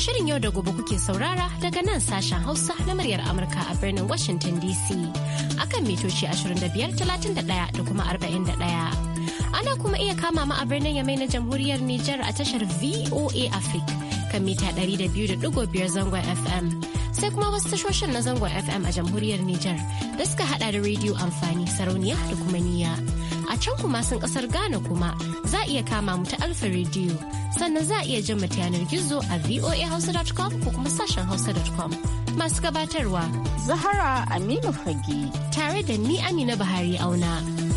Shirin yau da gobe kuke saurara daga nan sashen Hausa na muryar Amurka a birnin Washington DC. Akan mitoci 25,31 da kuma 41. Ana kuma iya kama mu a birnin Yamai na Jamhuriyar Nijar a tashar VOA Africa kan mita 200.5 zangon FM. Sai kuma wasu tashoshin na zangon FM a Jamhuriyar Nijar da suka hada da rediyo amfani sarauniya da kuma niyya. can kuma sun kasar Ghana kuma za iya kama mu ta Alfa Radio. Sannan za iya jin mu yanar gizo a voahausa.com ko kuma sashen hausa.com. Masu gabatarwa Zahara Aminu Fage tare da ni Amina bahari auna.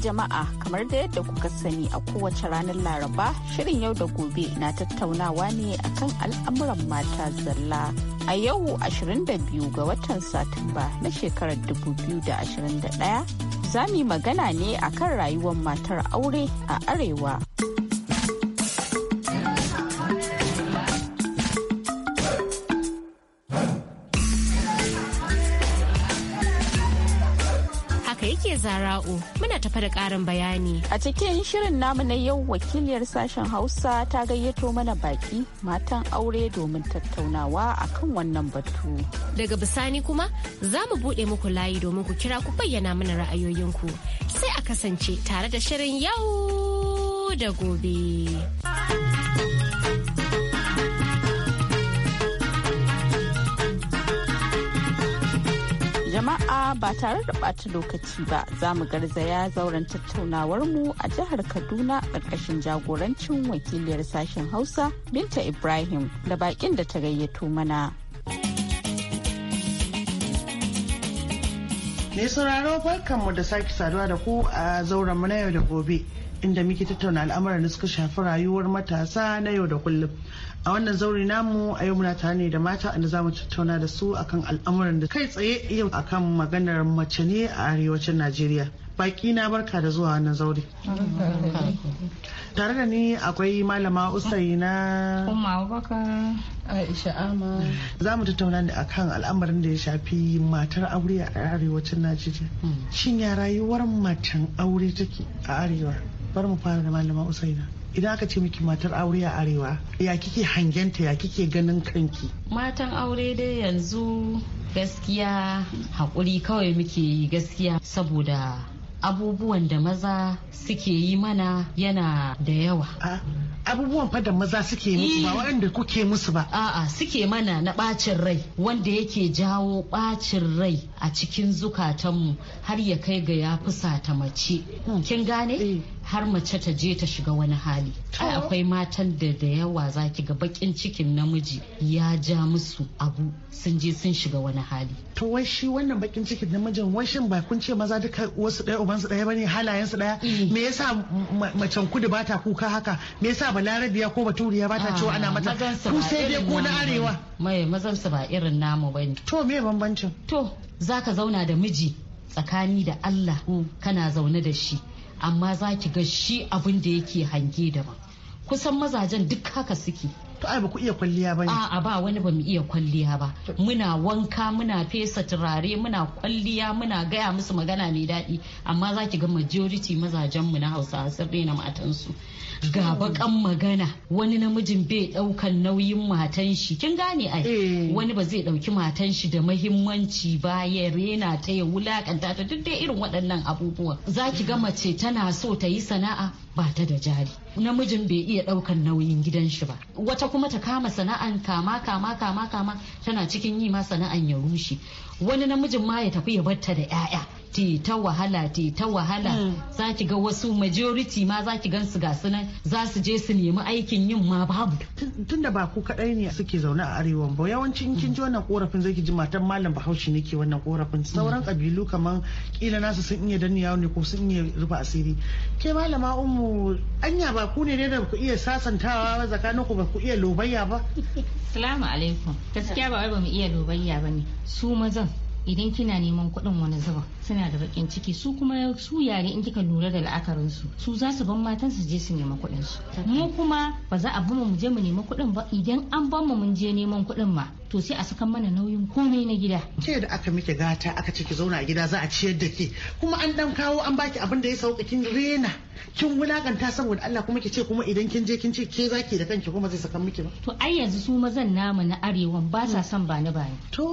jama'a kamar da yadda kuka sani a kowace ranar laraba shirin yau da gobe na tattaunawa ne akan al'amuran mata zalla a yau 22 ga watan satumba na shekarar 2021 za mu yi magana ne akan rayuwar matar aure a arewa. Zara'u muna tafa da karin bayani. A cikin shirin namu na yau wakiliyar sashen Hausa ta gayyato mana baki matan aure domin tattaunawa akan wannan batu. Daga bisani kuma za mu buɗe muku layi domin ku kira ku bayyana mana ra'ayoyinku sai a kasance tare da shirin yau da gobe. ba tare da ɓata lokaci ba za mu garzaya zauren tattaunawarmu a jihar Kaduna ƙarƙashin jagorancin wakiliyar sashen Hausa Binta Ibrahim da baƙin da ta gayyato mana. Mai sauraro mu da sake saduwa da ku a zauren mu na yau da gobe. inda muke tattauna al'amuran da suka shafi rayuwar matasa na yau da kullum a wannan zauri namu a yau muna tare ne da mata inda za mu tattauna da su akan al'amuran da kai tsaye yau akan maganar mace ne a arewacin najeriya baki na barka da zuwa wannan zauri tare da ni akwai malama usai na za mu tattauna da akan al'amarin da ya shafi matar aure a arewacin najeriya hmm. shin ya rayuwar matan aure take a arewa bar mu fara da malama usaina idan aka ce miki matar aure a arewa ya kike hangenta ya kike ganin kanki matan aure dai yanzu gaskiya haƙuri kawai muke yi gaskiya saboda abubuwan da maza suke yi mana yana da yawa abubuwan fa da maza suke musu ba eh. waɗanda kuke musu ba a'a suke mana na bacin rai wanda yake jawo bacin rai a cikin zukatanmu har ya kai ga ya fusata mace hmm. kin gane eh. har mace ta je ta shiga wani hali ai akwai matan da da yawa zaki ga bakin cikin namiji ya ja musu abu sun je sun shiga wani hali to wai shi wannan bakin cikin namijin shin ba kun ce maza duka wasu ɗaya ubansu daya bane halayensu daya. Eh. me yasa macen kudu ba ta kuka haka me yasa larabiya ko baturiya ba ta ah, cewa ana mata ku sai dai ko na arewa mai mazansu ba irin namu bane to me bambancin to zaka zauna da miji tsakani da Allah kana zaune da shi amma zaki ga shi abin da yake hange daban kusan mazajen duk haka suke to ai ba ku iya kwalliya ba ne a'a ba wani ba mu iya kwalliya ba muna wanka muna fesa turare muna kwalliya muna gaya musu magana mai daɗi amma za ki ga majority mazajen mu na Hausa sun rena matansu ga hmm. bakan magana wani namijin bai ɗaukan nauyin matan shi kin gane ai eh. wani ba zai ɗauki matan shi da mahimmanci ba ya rena ta ya wulakanta ta duk dai irin waɗannan abubuwa za ki ga mace tana so ta yi sana'a ba ta da jari namijin bai iya daukan nauyin gidan shi ba wata kuma ta kama sana'an kama kama kama kama tana cikin yi ma sana'an ya rushe wani namijin ma ya tafi ya ta da 'ya'ya ti ta wahala ti ta wahala mm. za ki ga wasu majority ma za ki gan su ga sunan za su je su nemi aikin yin ma babu tunda ba ku kadai ne suke zaune a arewa ba yawanci in kin ji wannan korafin ki ji matan malam bahaushe ne ke wannan korafin mm. sauran kabilu kaman kila nasu sun iya danni yawo ne ko sun iya rufe asiri ke malama ummu anya ba ku ne da ku iya sasantawa tsakanin ku ba ku iya lobayya ba salamu alaikum gaskiya ba wai ba mu iya lobayya bane su mazan idan kina neman kuɗin wani zuba suna da bakin ciki su kuma su yare in kika lura da la'akarin su su za su ban matan su je su nema kuɗin su mu kuma ba za a bamu mu je mu nema kuɗin ba idan an bamu mun je neman kuɗin ma to sai a sakan mana nauyin komai na gida ke da aka miki gata aka ce ki zauna a gida za a ciyar da ke kuma an dan kawo an baki abin da ya sauka kin rena kin wulakanta saboda Allah kuma ki ce kuma idan kin je kin ce ke zaki da kanki kuma zai sakan miki ba to ai yanzu su mazan namu na arewan ba sa son bani bani to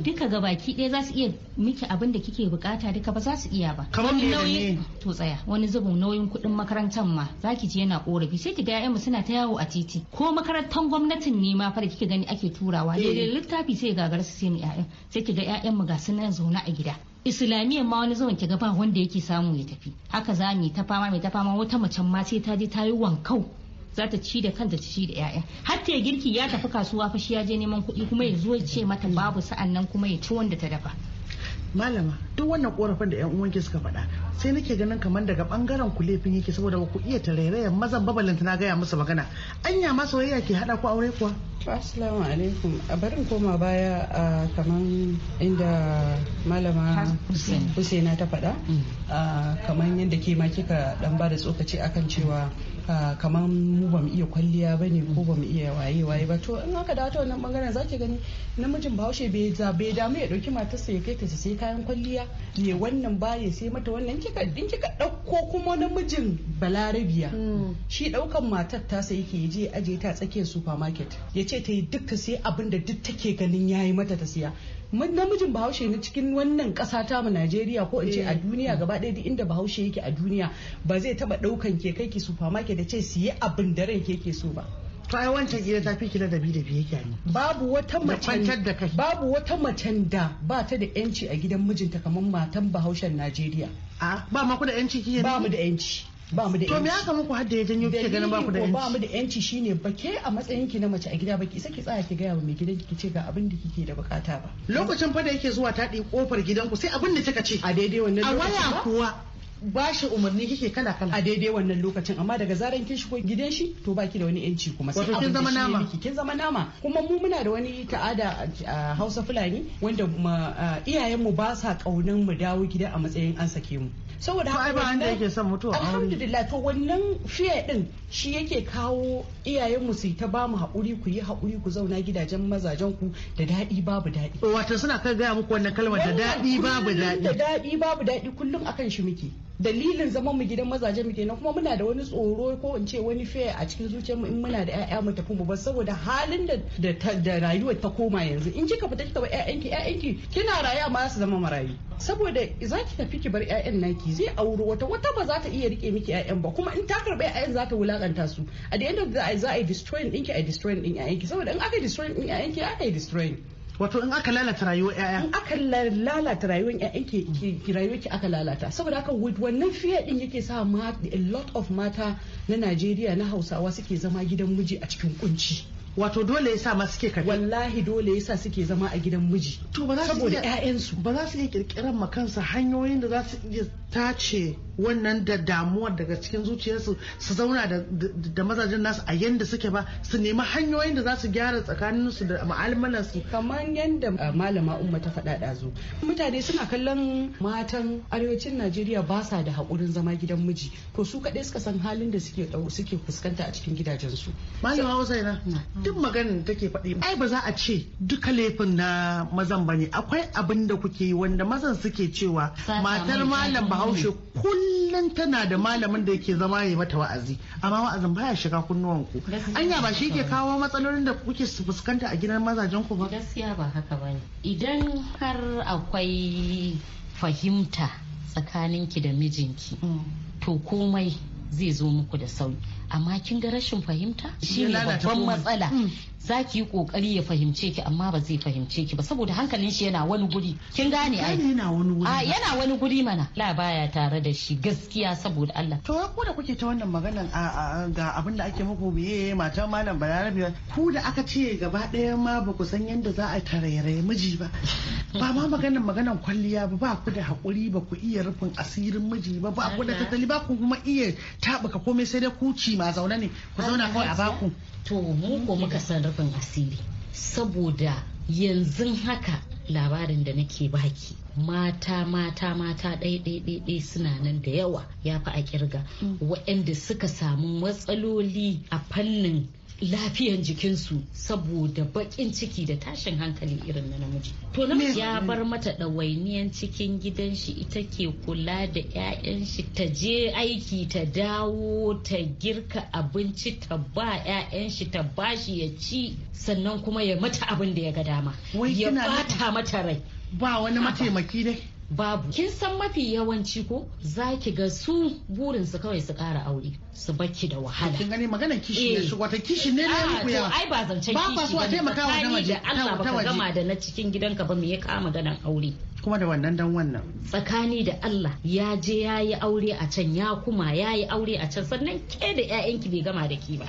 duka gabaki ɗaya za su iya miki abin da kike bukata duka ba za su iya ba kamar me ne to tsaya wani zubin nauyin kuɗin makarantar ma zaki ji yana korafi sai ki ga mu suna ta yawo a titi ko makarantar gwamnatin ne ma fa da kike gani ake turawa eh, sai littafi sai gagar su sai mu ƴaƴan sai ki ga ƴaƴan mu ga su nan zaune a gida islamiyyar ma wani zaman kiga ba wanda yake samu ya tafi haka za mu yi ta fama mai ta fama wata macen ma sai ta je ta yi wankau za ta ci da kanta ci da 'ya'ya har ta girki ya tafi kasuwa fa shi ya je neman kuɗi kuma ya zo ya ce mata babu sa'an nan kuma ya ci wanda ta dafa malama duk wannan korafin da yan uwanki suka faɗa sai nake ganin kamar daga bangaren ku laifin yake saboda ku iya tarairayan mazan babalanta na gaya musu magana anya ma soyayya ke hada ku aure kuwa assalamu alaikum a barin koma baya a kaman inda malama husaina ta faɗa mm. kaman yadda ke ma kika dan ba da tsokaci akan cewa kamar mu ba mu iya kwalliya ba ne ko ba mu iya waye waye ba to in aka dawo ta wannan bangaren zaki gani namijin bahaushe bai za bai damu ya dauki matarsa ya kai ta sai kayan kwalliya ne wannan ba ya sai mata wannan kika din kika dauko kuma namijin balarabiya mm. shi daukan matar ta sai yake je aje ta tsakiyar supermarket ya ce ta yi duka sai abin da duk take ganin yayi mata ta siya namijin bahaushe na cikin wannan kasa ta mu Najeriya ko in ce a eh. duniya gaba ɗaya duk inda bahaushe yake a duniya ba zai taba ɗaukan ke kai ki supermarket da ce siye abin da ran ke so ba. ta wancan gida ta fi kila da bi da biye babu wata macen da kai babu wata macen da ba ta da yanci a gidan mijinta kamar matan bahaushen Najeriya a ba ma ku da yanci kike ba mu da yanci ba mu da to me aka muku hadda ya janyo kike ganin ba ku da yanci ba mu da yanci shine ba ke a matsayin ki na mace a gida ba ki saki tsaya ki gaya wa mai gidan ki ce ga abin da kike da bukata ba lokacin fa da yake zuwa ta ɗi kofar gidanku sai abin da kika ce a daidai wannan a waya kuwa ba shi umarni kike kala kala a daidai wannan lokacin amma daga zaran kin shigo gidan shi to baki da wani yanci kuma sai kin zama nama kin zama nama kuma mu muna da wani ta'ada a Hausa Fulani wanda iyayen mu ba sa kaunan mu dawo gida a matsayin an sake mu saboda haka ba da yake son mutuwa alhamdulillah to wannan fiye din shi yake kawo iyayen mu su ta ba mu haƙuri ku yi haƙuri ku zauna gidajen mazajen ku da daɗi babu daɗi wato suna kai ga muku wannan kalmar da daɗi babu daɗi da daɗi babu daɗi kullum akan shi muke dalilin zaman mu gidan mazaje mu kenan kuma muna da wani tsoro ko in ce wani fear a cikin zuciyarmu in muna da ƴaƴa mu tafi mu ba saboda halin da da rayuwar ta koma yanzu in kika fita kika bar ƴaƴanki ƴaƴanki kina ma za su zama marayu saboda za ki tafi ki bar ƴaƴan naki zai auro wata wata ba za ta iya rike miki ƴaƴan ba kuma in ta karɓi ƴaƴan za ta wulakanta su a da yanda za a yi destroying ɗinki a destroying ɗin ƴaƴanki saboda in aka destroying ɗin ƴaƴanki aka yi destroying wato in aka lalata rayuwar ƴaƴa in aka lalata rayuwar ƴaƴa ke rayuwar ki aka lalata saboda haka wannan fiye din yake sa a lot of mata na Najeriya na Hausawa suke zama gidan miji a cikin kunci wato dole yasa ma suke kaɗe wallahi dole yasa suke zama a gidan miji to ba za su saboda ƴaƴansu ba za su iya kirkiran ma kansa hanyoyin da za su iya Ta ce wannan da damuwar daga cikin zuciyarsu su zauna da mazajen nasu a yadda suke ba su nemi hanyoyin da za su gyara tsakaninsu da ma'almanansu kamar yadda uh, malama umma ta faɗa ɗazu mutane suna kallon matan arewacin najeriya ba sa da haƙurin zama gidan miji to su kaɗai suka san halin da suke suke fuskanta a cikin gidajensu malama yana. duk maganin da take faɗi ai ba za a ce duka laifin na mazan ne akwai abin da kuke yi wanda mazan suke cewa matar malam ba bahaushe hm. kullum tana da malamin da yake zama ya mata wa'azi amma wa'azin baya shiga kunnuwan ku anya ba shi ke kawo matsalolin da kuke fuskanta a gidan mazajen ku ba gaskiya ba haka bane idan har akwai fahimta tsakaninki da mijinki hm. to komai zai zo muku da sauri amma kin ga rashin fahimta shine babban matsala hmm. za ki yi kokari ya fahimce ki amma ba zai fahimce ki ba saboda hankalin shi yana wani guri kin gane ai yana wani guri a yana wani guri mana la baya tare da shi gaskiya saboda Allah to ko da kuke ta wannan maganan ga abin da ake muku biye matan malam Balarabe ku da aka ce gaba daya ma ba ku san yadda za a tarayyare miji ba ba ma maganan maganan kwalliya ba ba ku da hakuri ba ku iya rufin asirin miji ba ba ku da tattali ba ku kuma iya taɓuka komai sai dai kuci ma zaune ne ku zauna kawai a baku to mu ko muka san rufin asiri saboda yanzu haka labarin da nake baki mata mata mata ɗai suna nan da yawa ya fi a kirga mm. waɗanda suka samu matsaloli a fannin lafiyan jikinsu saboda bakin ciki da tashin hankali irin na namiji to ya bar mata ɗawainiyan cikin gidan shi ita ke kula da 'ya'yan shi ta je aiki ta dawo ta girka abinci ta ba 'ya'yan shi ta bashi ya ci sannan kuma ya mata abin da ya ga dama ya bata mata rai ba wani mataimaki dai babu kin san mafi yawanci ko za ki ga su su kawai su kara aure su baki da wahala kin gani magana kishi ne eh. shi wata kishi ne ne ah, ku ya ai ba zance kishi ba su a taimaka wa na waje Allah baka gama da na cikin gidanka ba me ya kama ganan aure kuma da wannan dan wannan tsakani da Allah ya je ya yi aure a can ya kuma ya yi aure a can sannan ke da ƴaƴanki bai gama da ki ba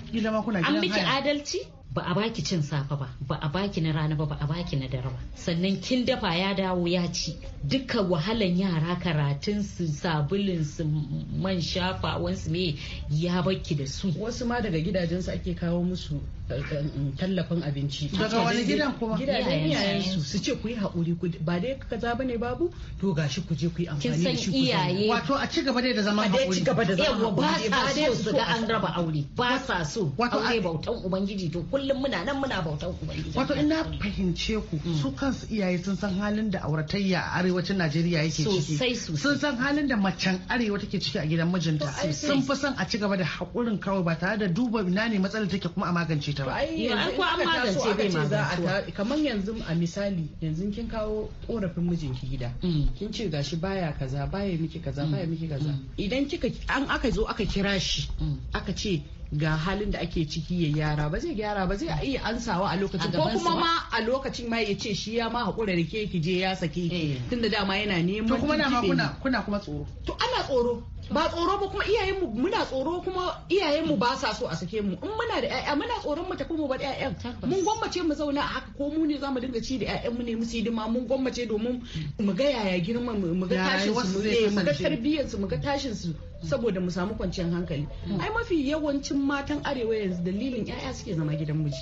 an miki adalci ba a baki cin safe ba ba a baki na rana ba ba a baki na dare ba sannan kin dafa ya dawo ya ci dukkan wahalan yara karatun su sabulin su man shafa wansu me ya baki da su wasu ma daga gidajen su ake kawo musu eh, eh, tallafin abinci daga wani gidan kuma gidajen iyayen su su ce ku yi haƙuri ba dai ka za bane babu to gashi ku je ku yi amfani da shi iyaye wato a ci gaba dai da zaman haƙuri a ci gaba da zaman haƙuri ba sa so su ga an raba aure ba sa so aure bautan ubangiji to kullum muna nan muna bautan ubangiji wato ina fahimce ku hmm. su kansu iyaye sun san halin da auratayya a arewacin Najeriya yake ciki sun san halin da macen arewa take ciki a gidan mijinta sun fi son a ci gaba da hakurin kawai ba tare da duba ina ne matsalar take kuma a magance ta ba yanzu ko an magance bai magance kamar yanzu a misali yanzu kin kawo korafin mijinki gida hmm. kin ce gashi baya kaza baya miki kaza baya hmm. miki kaza idan kika an aka zo aka kira shi aka ce ga halin da ake ciki ya gyara ba zai gyara ba zai iya ansawa a lokacin ko kuma ma a lokacin ma ya ce shi ya ma hakura da ke ki je ya sake eh. tunda dama yana neman to kuma dama kuna kuna kuma tsoro to ana tsoro ba tsoro ba kuma iyayen mu muna tsoro kuma iyayen mu ba sa so a sake mu in muna da ƴaƴa muna tsoron mu tafi mu bar ƴaƴan mun gwammace mu zauna a haka ko mu ne zamu dinga ci da ƴaƴan mu ne mu hidima mun gwammace domin mu ga yaya girman mu ga tashin su eh, mu ga tarbiyyar su mu ga tashin su saboda mu samu kwanciyar hankali hmm. ai mafi yawancin matan arewa yanzu dalilin ƴaƴa suke zama gidan miji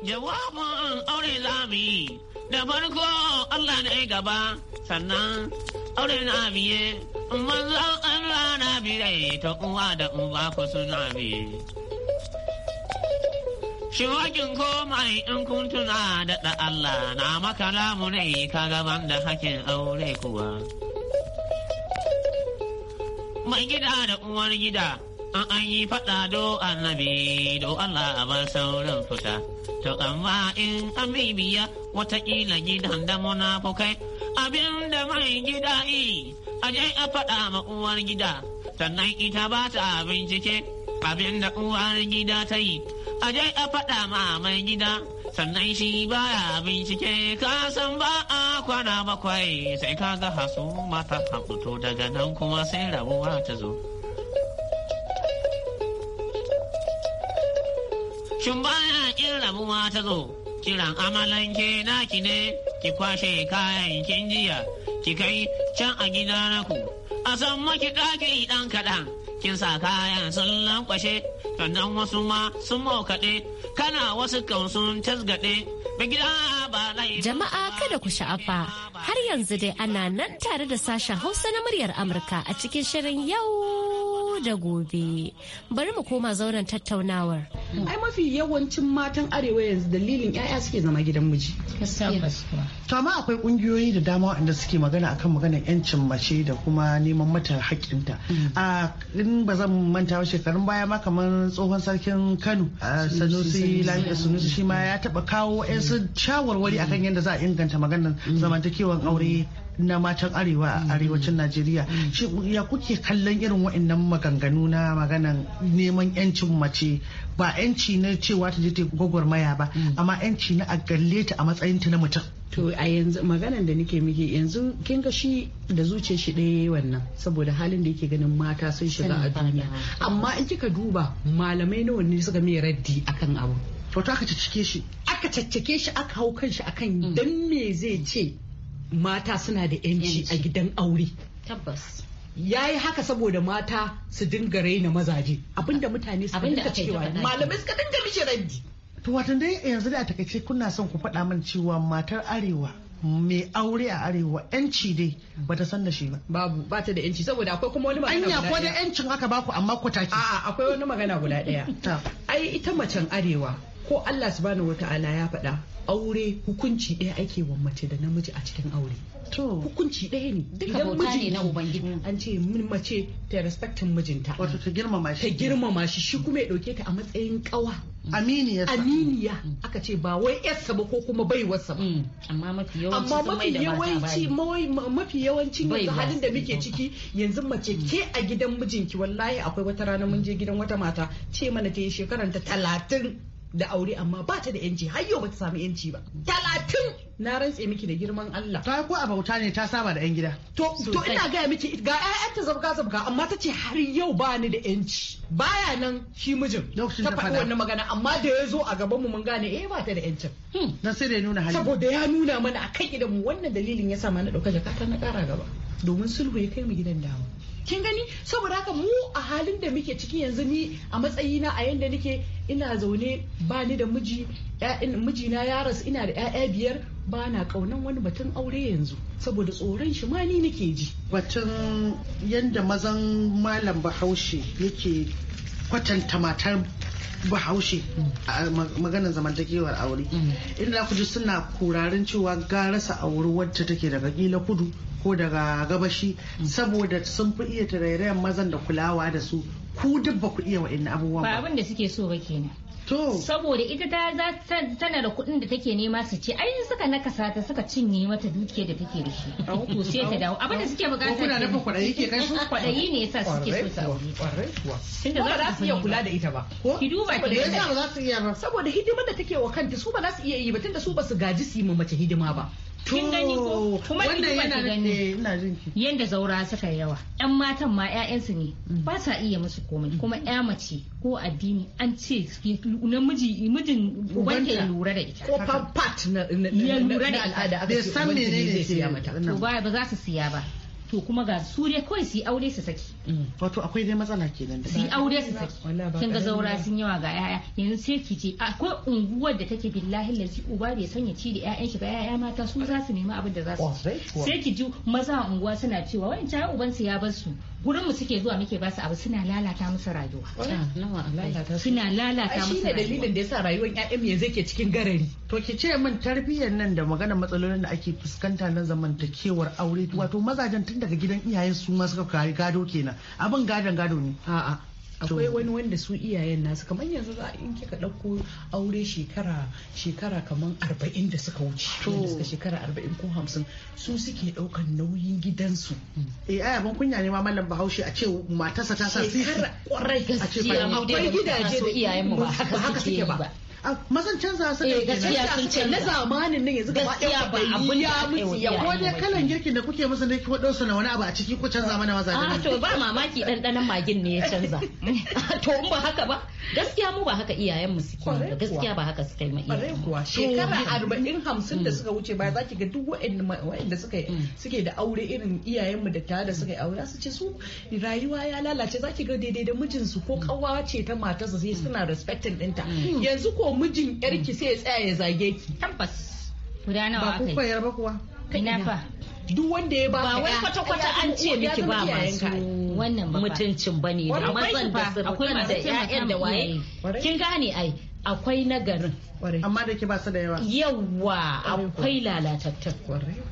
jawabin aure zamu da farko Allah ne gaba sannan aure na biye manzon Allah na ta uwa da uba ku suna biye Shiwakin komai in kun tuna daɗa Allah na maka lamu ne ka gaban da hakin aure kuwa. Mai gida da uwar gida an an yi faɗa do annabi do Allah a bar sauran fita. To amma in an bibiya watakila gidan da munafukai abin da mai gida yi a je a faɗa ma uwar gida sannan ita ba ta bincike abin da uwar gida ta yi a je a faɗa ma mai gida sannan shi baya bincike kasan san ba a kwana bakwai sai ka ga hasu mata haɓuto daga nan kuma sai rabuwa ta zo shin baya in rabuwa ta zo kiran amalanke naki ne ki kwashe kayan kin jiya ki kai can a gida naku ku a san maki ɗaki ɗan kaɗan kin sa kayan sun lankwashe sannan wasu ma sun maukaɗe kana wasu kan sun tasgaɗe Jama'a kada ku sha'afa har yanzu dai ana nan tare da sashen Hausa na muryar Amurka a cikin shirin yau da gobe. Bari mu koma zauren tattaunawar. Ai mafi yawancin matan arewa yanzu dalilin 'ya'ya suke zama gidan miji. To amma akwai ƙungiyoyi da dama waɗanda suke magana akan maganar 'yancin mace da kuma neman mata haƙƙinta. Mm. A in ba zan manta ba shekarun baya ma kamar tsohon sarkin Kano ah, Sanusi da Sanusi shi ma ya taɓa kawo 'yan shawarwari akan yadda za a inganta maganar mm. zamantakewar aure na matan arewa a mm. arewacin najeriya mm. shi ya kuke kallon irin wa'annan maganganu na maganan neman yancin mace ba yanci na cewa ta je ta maya ba mm. amma yanci na a galle ta a matsayin ta na mutum to a yanzu maganan da nake miki yanzu kin ga shi da zuce shi ɗaya wannan saboda halin da yake ganin mata sun shiga a duniya amma in kika duba malamai nawa ne suka mai raddi akan abu to aka caccake shi aka caccake shi aka hau kanshi akan dan me zai ce mata suna da yanci a gidan aure tabbas ya yi haka saboda mata su dinga raina mazaje abinda mutane su dinga cewa malamai suka dinga mishi randi to watan dai yanzu da a takaice kuna son ku faɗa min cewa matar arewa mai aure a arewa yanci dai bata san da shi ba babu ba ta da yanci saboda akwai kuma wani magana guda ɗaya. anya ko da yancin aka baku amma ku take a'a akwai wani magana guda ɗaya. ai ita macen arewa ko Allah su bani subhanahu wata'ala ya faɗa aure hukunci ɗaya ake wa mace da namiji a cikin aure to hukunci ɗaya ne duka bauta ne na ubangiji an ce min mace ta respectin mijinta wato ta girmama shi ta girmama shi shi kuma ya dauke ta a matsayin kawa aminiya aminiya aka ce ba wai yarsa ba ko kuma baiwarsa ba mm. amma mafi yawanci amma mafi yawanci mafi yawancin yanzu halin da muke ciki yanzu mace mm. ke a gidan mijinki wallahi akwai wata rana mun je gidan wata mata ce mana ta yi shekaranta talatin da aure amma ba ta da yanci har yau ba ta samu yanci ba talatin na rantse miki da girman Allah ta ko a bauta ne ta saba da yan gida to to ina gaya miki ga ƴaƴan ta zabga zabga amma ta ce har yau ba ni da yanci baya nan shi mijin ta faɗi wannan magana amma da ya zo a gaban mu mun gane eh ba ta da yancin hmm. dan sai da ya nuna hali saboda ya nuna mana akan idan mu wannan dalilin ya sa ma na ɗauka ta na kara gaba domin sulhu ya kai mu gidan dawo kin gani saboda haka mu a halin da muke ciki yanzu ni a matsayina a yanda nake ina zaune ba ni da miji mijina ya rasu ina da 'ya'ya biyar ba na kaunan wani batun aure yanzu saboda tsoron shi ma ni nake ji batun yanda mazan malam bahaushe yake kwatanta matar bahaushe a maganar zamantakewar aure mm. inda ku ji suna kurarin cewa ga rasa aure wadda take daga gila kudu ko daga gabashi mm. saboda sun fi iya tarairayen mazan da kulawa da su ku duk ba ku iya wa'in abubuwan ba abin da suke so ba kenan saboda ita ta tana da kuɗin da take nema su ce ai suka nakasa ta suka cinye mata dukiyar da take da shi to sai ta dawo abin da suke bukata kuna nafa kwaɗayi ke kai su kwaɗayi ne yasa suke so su aure tunda za su iya kula da ita ba ki duba ki yasa za su iya ba saboda hidimar da take wa kanta su ba za su iya yi ba tunda su ba su gaji su yi mace hidima ba kin gani ko kuma ki duba ki gani yanda zaura suka yawa yan matan ma ƴaƴansu ne mm. ba sa iya musu komai kuma mm. ƴa mace ko addini an ce miji mijin ubanta ya lura da ita ko pat na lura da al'ada aka ce ubanta ne zai siya mata to ba za su siya ba to kuma ga su dai kawai su yi aure su saki mm. wato akwai dai matsala kenan su yi aure su saki kin ga zaura sun yawa ga yaya yanzu sai ki ce akwai unguwar da take bin billahi lazi uba bai sanya ci da yayan shi ba yaya mata su za su nemi abin da za su sai ki ji maza unguwa suna cewa wancan uban su ya bar su gurin mu suke zuwa muke basu abu suna lalata musu rayuwa ah, suna lalata musu rayuwa shi ne dalilin da yasa rayuwar ƴaƴan yanzu ke cikin garari to ki ce min tarbiyyar nan da maganar matsalolin da ake fuskanta na zamantakewar aure wato mazajen tun daga gidan iyayen su ma suka kare gado kenan abin gadon gado ne a'a akwai wani wanda su iyayen nasu kamar yanzu za in kika ɗauko aure shekara shekara kamar arba'in da suka wuce wanda suka shekara arba'in ko hamsin su suke ɗaukan nauyin gidansu eh ai abin kunya ne ma mallam bahaushe a ce matarsa ta sa sisi kwarai gaskiya akwai gidaje da iyayen mu ba haka suke ba Ah, Masan canza su eh, da gaskiya sun canza na zamanin nan yanzu gaba ɗaya ba abun ya mutu ya ko dai kalan girkin da kuke masa ne ki wadansu na wani abu a ciki ku canza mana maza da ah, to ba mamaki dandanan magin ne ya canza to in ba haka ba gaskiya mu ba haka iyayen mu suke ba gaskiya ba haka suka yi ma iyayen kuwa shekara arba'in hamsin da mm. suka wuce ba za ki ga duk waɗanda suka mm. suke da aure irin iyayen mu da tare da suka yi aure su ce su rayuwa ya lalace za ki ga daidai da mijinsu ko kawawa mm. ce ta matarsa sai suna respecting ɗinta yanzu ko mijin yarki sai ya tsaya ya zage ki tabbas guda nawa aka yi ba ku ba kuwa ina fa duk wanda ya ba wai kwata kwata an ce miki ba masu wannan mutuncin bane da zan da sirrin da 'ya'yan da waye kin gane ai akwai nagarin amma da ke ba su da yawa yawa akwai lalatattu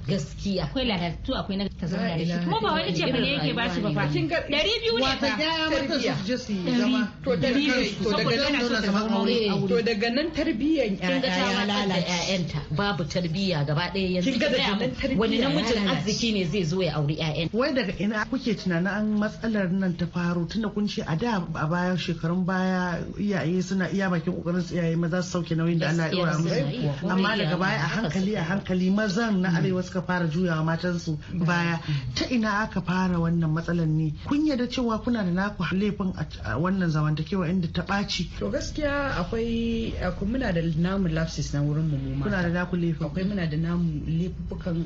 gaskiya akwai lalatattu akwai na zama da shi kuma ba wani ce ne yake ba su ba fa dari biyu ne ta ya mata su ji su zama to dari to daga nan suna zama aure to daga nan tarbiyyan ƴaƴa ya ƴaƴanta babu tarbiyya gaba ɗaya yanzu kin ga daga nan tarbiyya wani namijin arziki ne zai zo ya auri ƴaƴan wai daga ina kuke tunanin an matsalar nan ta faru tunda kun ce a da a baya shekarun baya iyaye suna iya bakin kokarin su iyaye maza su sauke nauyin da ana yi wa musu amma daga baya a hankali a hankali mazan na mm. arewa suka fara juyawa matansu mm. baya mm. ta ina aka fara wannan matsalan ne kun yarda cewa kuna da naku laifin a wannan zamantakewa inda ta ɓaci to gaskiya akwai muna da namu lapses na wurin mu kuna da naku laifin akwai muna da namu laifukan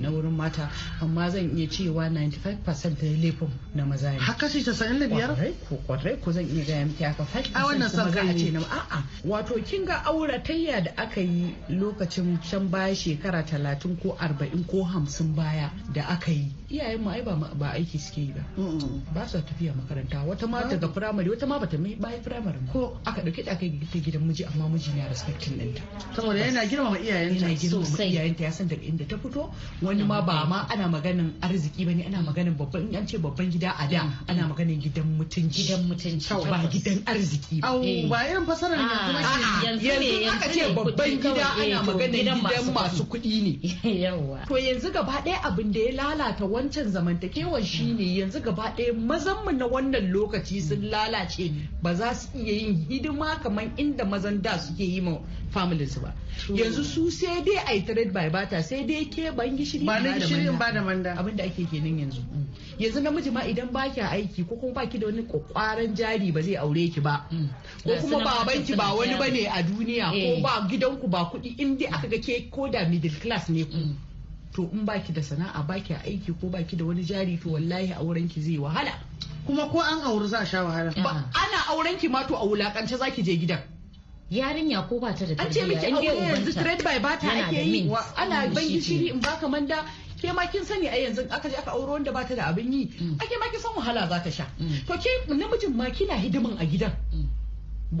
na wurin mata amma zan iya cewa 95% da laifin na maza ne haka shi 95 kwarai ko zan iya gaya miki haka 5% a wannan san a ce na a'a wato kinga auratayya da aka yi lokacin can baya shekara talatin ko arba'in ko hamsin baya da aka yi iyayen mu ai ba ba aiki suke yi ba ba sa tafiya makaranta wata ma daga firamare wata ma bata mai bai firamare ko aka dauke ta kai ta gidan miji amma miji ya respecting ɗinta saboda yana girmama iyayenta yana girmama iyayenta ya san daga inda ta fito wani ma ba ma ana maganin arziki bane ana maganin babban in an ce babban gida a da ana maganin gidan mutunci gidan mutunci ba gidan arziki ba ba irin fasarar yanzu yanzu aka ce babban gida ana eh, maganin gidan masu kuɗi ne to yanzu gaba ɗaya abin da ya lalata wani wancan zamantakewan ne yanzu gaba ɗaya mazan mu na wannan lokaci sun lalace ba za su iya yin hidima kamar inda mazan da suke yi ma families ba yanzu su sai dai a trade by bata sai dai ke ban gishiri ba da manda abinda ake kenan yanzu yanzu namiji ma idan baki aiki ko kuma baki da wani kwakwaran jari ba zai aure ki ba mm. ko kuma babanki ba wani bane a duniya ko eh. ba gidanku ba kuɗi in dai aka ga ke ko da middle class ne ku mm. to in baki da sana'a baki a aiki ko baki da wani jari to wallahi auren ki zai wahala kuma ko an auri za a sha wahala ba ana auren ki ma to a wulakance zaki je gidan yarinya ko ba ta da tarbiyya an ce miki aure yanzu trade by bata ake yi ana ban gishiri in baka manda ke ma kin sani a yanzu aka je aka auro wanda ba ta da abin yi mm. ake ma kin san wahala za ta sha mm. to ke namijin ma kina hidimin a gidan mm.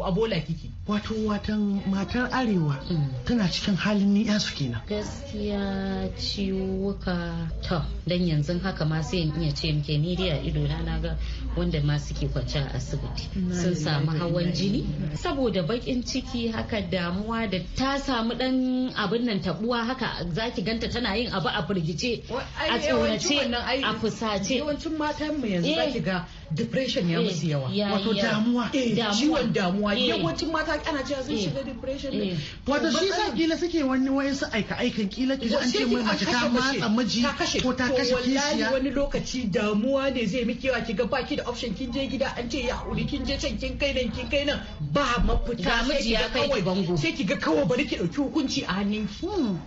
a bola kiki wato watan matar arewa tana cikin halin ni suke kenan gaskiya ciwuka ta dan yanzu haka ma sai iya ce muke ni dai a ido na ga wanda ma suke kwanci a asibiti sun samu hawan jini saboda bakin ciki haka damuwa da ta samu dan abin nan tabuwa haka zaki ganta tana yin abu a firgice a tsorace a fusace yawancin matan mu yanzu zaki eh. ga depression ya eh, musu yawa wato eh, damuwa ciwon damuwa eh. yawancin mata ana cewa sun shiga depression ne wato shi sa kila suke wani wayansu aika aikan kila ki an ce mai mace ta matsa miji ko ta kashe kishiya wani lokaci damuwa ne zai miki yawa kiga baki da option kin je gida an ce ya aure kin je can kin kai nan kin kai nan ba mafuta sai ki ga kawai sai ki ga kawai bari ki dauki hukunci a hannunki hmm.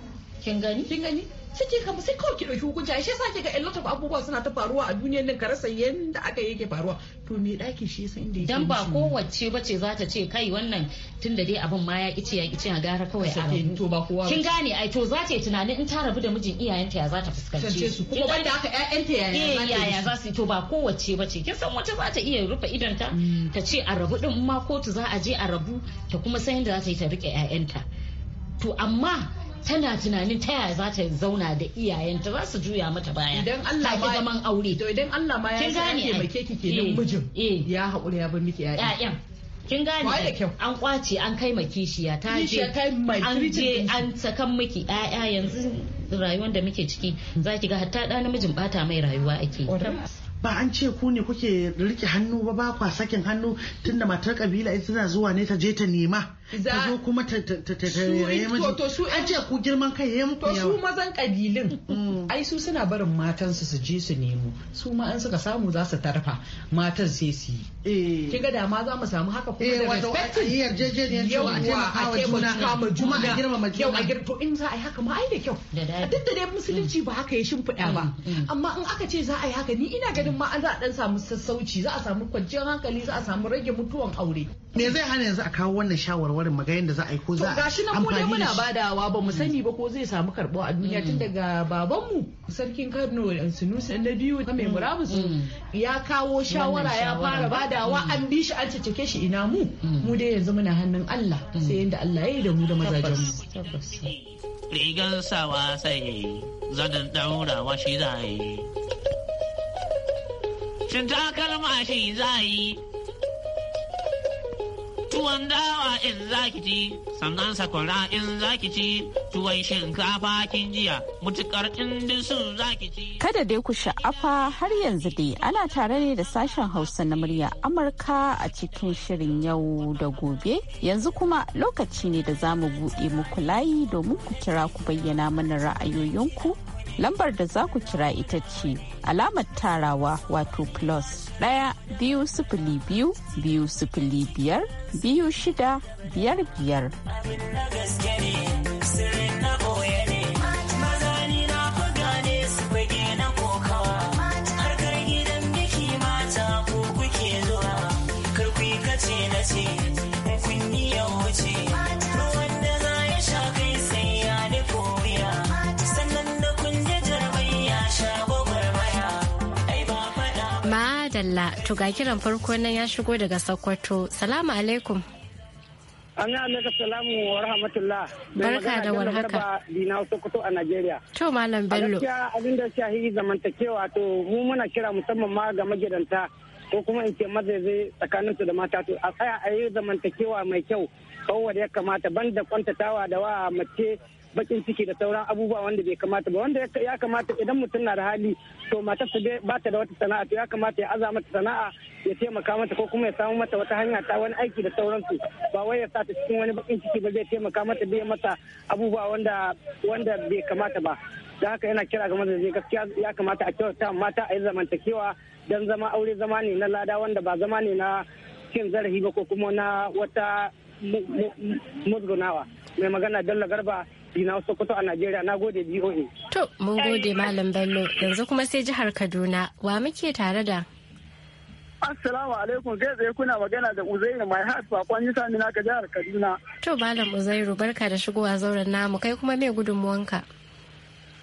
kin gani kin gani suke ki kama sai kawai ki dauki hukunci shi yasa ki ga a lot of abubuwa suna ta faruwa a duniyar nan ka rasa yanda aka yake faruwa to me daki shi yasa inda yake dan ba kowace bace za ta ce kai wannan tunda dai abin ma ya kice ya kice a gara kawai a rabu to ba kowa kin gane ai to za ta yi tunanin in ta rabu da mijin iyayenta ya za ta fuskance su kuma banda haka ƴaƴanta ya eh, za su to ba kowace bace kin san wace za ta iya rufe idonta mm. ta ce a rabu din ma kotu za a je a rabu ta kuma san yadda za ta yi ta rike ƴaƴanta to amma tana tunanin ta yaya za ta zauna da iyayenta za su juya mata baya idan Allah ma zaman aure to idan Allah ma ya gane ba ke kike nan eh, mijin eh. ya haƙuri ya bar miki ƴaƴan kin gane an kwace an kai ma kishiya ta je an je an sakan miki ƴaƴa yanzu rayuwar da muke ciki za ki ga hatta ɗa namijin bata mai rayuwa ake ba an ce ku ne kuke rike hannu ba ba kwa sakin hannu tunda matar kabila ita zuwa ne ta je ta nema ta zo kuma ta tarairaye miji an ce ku girman kai ya muku yawa to su mazan kabilin mm. ai su suna barin matansu su je su nemo su ma an suka samu za su tarfa matan sai su yi eh. kin ga da ma za mu samu haka kuma eh, da respecting yau a taimaka ma juna a girmama juna yau a girto in za a yi haka ma ai da kyau duk da dai musulunci mm. ba haka ya shimfiɗa ba mm, amma in aka ce za a yi haka ni ina ganin ma an za a dan samu sassauci za a samu kwanciyar hankali za a samu rage mutuwan aure me zai hana yanzu a kawo wannan shawarwar shawarar magayin da za a yi ko za a gashi muna badawa ba mu sani ba ko zai samu karbo a duniya mm. tun daga babanmu sarkin Kano Sunusi na biyu mai murabus mm. ya kawo shawara ya fara badawa mm. an bi shi an cece shi ina mu mu dai yanzu muna hannun Allah sai yanda Allah ya yi da mu da mazajen mu rigar sawa sai daura daurawa shi za yi. Shin takalma shi za yi, tuwon dawa in zaki ci sannan sakwara in zaki ci tuwon shinkafa kin jiya mutukar indin sun zaki ci kada dai ku sha'afa har yanzu dai ana tare ne da sashen hausa na murya amurka a cikin shirin yau da gobe yanzu kuma lokaci ne da za mu buɗe muku layi domin ku kira ku bayyana mana ra'ayoyinku lambar da za ku kira ita ce alamar tarawa wato plus ɗaya biyu sifili biyu biyu sifili biyar biyu shida biyar biyar. madalla to ga kiran farko nan ya shigo daga Sokoto. Salamu alaikum. An yi alaikar salamu wa rahmatullah. Barka da warhaka. Dina Sokoto a Najeriya. To Malam Bello. A abin da shahi zamantakewa to mu muna kira musamman ma ga magidanta ko kuma in ce mazaizai su da mata to a tsaya a yi zamantakewa mai kyau kawai ya kamata banda kwantatawa da wa mace bakin ciki da sauran abubuwa wanda bai kamata ba wanda ya kamata idan mutum na da hali to matarsa dai ba ta da wata sana'a to ya kamata ya aza mata sana'a ya taimaka mata ko kuma ya samu mata wata hanya ta wani aiki da sauransu ba wai ya sa ta cikin wani bakin ciki ba zai taimaka mata bai mata abubuwa wanda wanda bai kamata ba da haka yana kira ga mazaje gaskiya ya kamata a kyauta mata a yi zamantakewa don zama aure zama ne na lada wanda ba zama ne na cin zarafi ba ko kuma na wata musgunawa mai magana dalla garba Katsina Sokoto a Najeriya na gode BOA. To mun gode Malam Bello yanzu kuma sai jihar Kaduna wa muke tare da. Assalamu alaikum zai tsaye kuna magana da Uzairu mai hat bakon kwanji sami naka jihar Kaduna. To Malam Uzairu barka da shigowa zauren namu kai kuma me ka.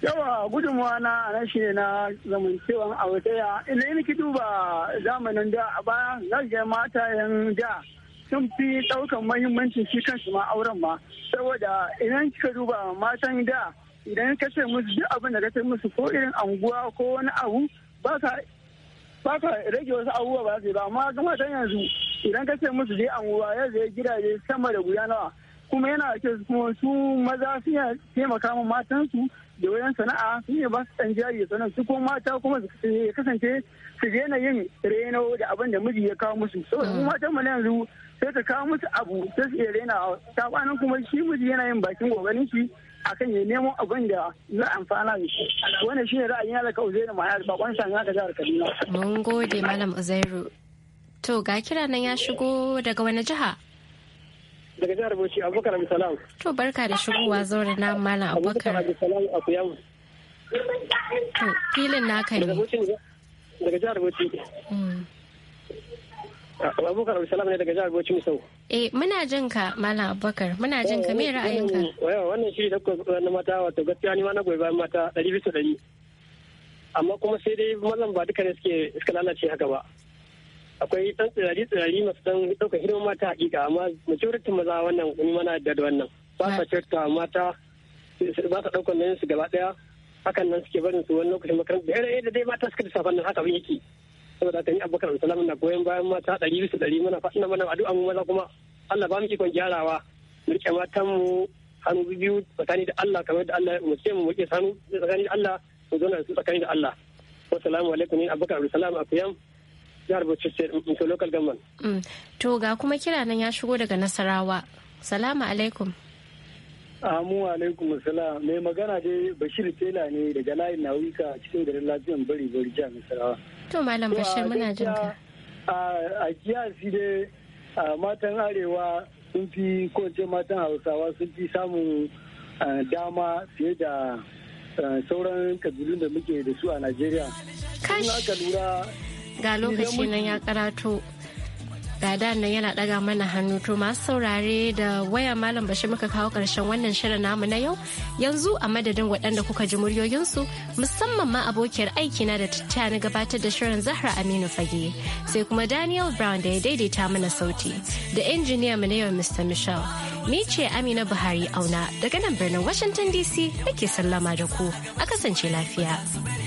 yawa gudunmuwa na nan shi ne na zamancewan autaya ina yi duba zamanin da a baya zage mata yan da sun fi daukan mahimmancin shi kansu ma auren ma saboda idan kika duba matan da idan ka ce musu duk abin da ka ce musu ko irin anguwa ko wani abu baka baka rage wasu abubuwa ba su ba amma ga matan yanzu idan ka ce musu dai anguwa ya zai gidaje sama da guda nawa kuma yana da kyau kuma su maza suna taimaka ma matansu da wajen sana'a su ne ba su ɗan jari sanan su ko mata kuma su kasance su daina yin reno da abin da miji ya kawo musu saboda mu matan mu yanzu sai ta kawo musu abu ta su iya ta sabanin kuma shi miji yana yin bakin kokarin shi kan ya nemo abin da za amfana da shi wanda shi ne ra'ayin alaka da ma'ayar bakon san haka jihar kaduna. mun gode malam uzairu to ga kira nan ya shigo daga wani jiha. daga jihar bauchi abubakar salam. to barka da shigowa zaure na malam abubakar. abubakar to filin naka ne. daga jihar bauchi. Mm. abubakar abdulsalam ne daga jihar bauchi sau. eh muna jin ka malam abubakar muna jin ka me ra'ayinka eh, eh, wannan shiri da na mata wato gaskiya ni ma na goyi bayan mata ɗari bisa ɗari amma kuma sai dai mallam ba duka ne suke suka lalace haka ba akwai ɗan tsirari tsirari masu ɗan ɗaukar hidimar mata hakika amma majority maza wannan ni mana da wannan ba sa ciyarta mata ba sa ɗaukar nan su gaba ɗaya hakan nan suke barin su wani lokacin makaranta da da dai mata suka da safan nan haka yake saboda ta ni abubakar abdulsalam na goyon bayan mata ɗari bisa ɗari muna faɗin mana addu'a mu maza kuma allah ba mu ikon gyarawa mu riƙe matan mu hannu biyu tsakani da allah kamar da allah mu ce mu riƙe hannu tsakani da allah mu zauna su tsakani da allah assalamu alaikum ni abubakar abdulsalam a kuyam jihar bauchi state local government. Mm. to ga kuma kira nan ya shigo daga nasarawa salamu alaikum. Amu alaikum salam mai magana dai Bashir Tela ne daga layin Nawika cikin garin lafiyan bari bari jihar Nasarawa. To Malam Bashir muna jin ka. A kiyasi dai matan arewa sun fi kowace matan hausawa sun fi samun dama fiye da sauran kabilun da muke da su a Najeriya. Kash. Ga lokaci nan ya karatu. dadan nan yana daga mana hannu to masu saurare da waya Malam bashi muka kawo ƙarshen wannan shirin namu na yau yanzu a madadin waɗanda kuka ji muryoyinsu musamman ma abokiyar aikina da ta na gabatar da shirin Zahra Aminu Fage sai kuma Daniel Brown da ya daidaita mana sauti da injiniya mu na yau Mr. Michel. Ni ce Amina Buhari auna daga nan birnin Washington DC nake sallama da ku a kasance lafiya.